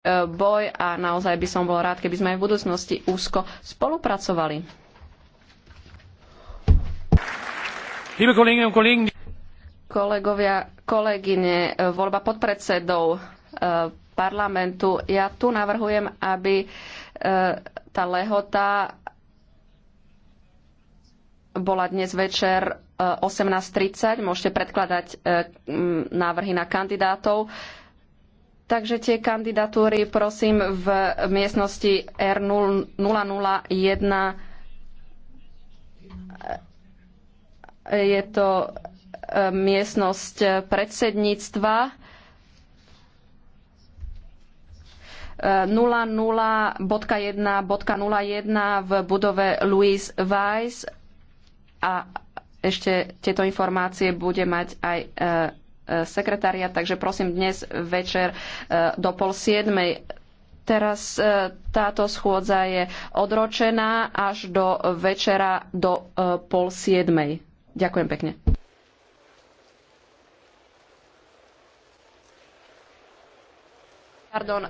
E, boj a naozaj by som bol rád, keby sme aj v budúcnosti úzko spolupracovali. Kolegovia, kolegyne, e, voľba podpredsedov e, parlamentu. Ja tu navrhujem, aby tá lehota bola dnes večer 18.30. Môžete predkladať návrhy na kandidátov. Takže tie kandidatúry prosím v miestnosti R001 je to e, miestnosť predsedníctva 00.1.01 e, v budove Louis Weiss a ešte tieto informácie bude mať aj e, sekretária, takže prosím dnes večer e, do pol siedmej. Teraz e, táto schôdza je odročená až do večera do e, pol siedmej. Ďakujem pekne. Pardon,